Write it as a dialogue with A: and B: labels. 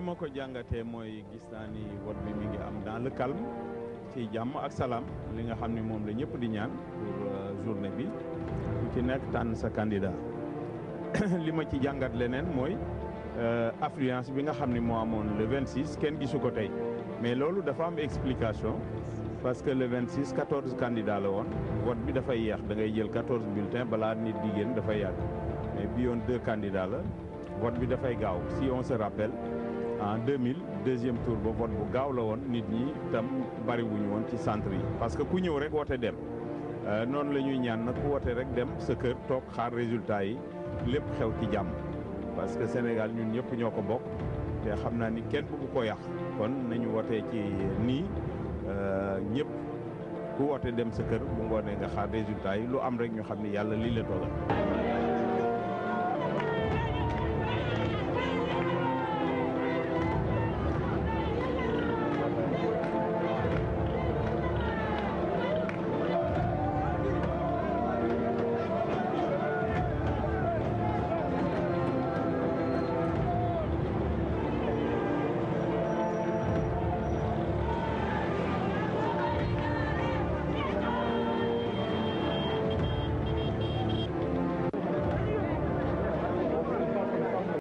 A: li ma ko jàngatee mooy gis naa ni wot bi mi ngi am dans le calme ci jàmm ak salaam li nga xam ni moom la ñëpp di ñaan pour euh, journée bi ci nekk tànn sa candidat li ma ci jàngat leneen mooy euh, affluence bi nga xam ni moo amoon le 26 kenn gisu ko tey mais loolu dafa am explication parce que le 26 14 candidats la woon vote bi dafay yéex da ngay jël 14 bulletins balaa nit di génn dafay yàgg mais bi yoon deux la vote bi dafay gaaw si on se en 2000 deuxième tour ba vote bu gaaw la woon nit ñi tam bariwuñu woon ci centre yi parce que ku ñëw rek woote dem euh, noonu la ñuy ñaan nag ku woote rek dem sa kër toog xaar résultat yi lépp xew ci jàmm parce que Sénégal ñun ñëpp ñoo ko bokk te xam naa ni kenn bëgg ko yàq kon nañu wootee ci nii euh, ñëpp ku woote dem sa kër bu ngoonee nga xaar résultat yi lu am rek ñu xam ni yàlla lii la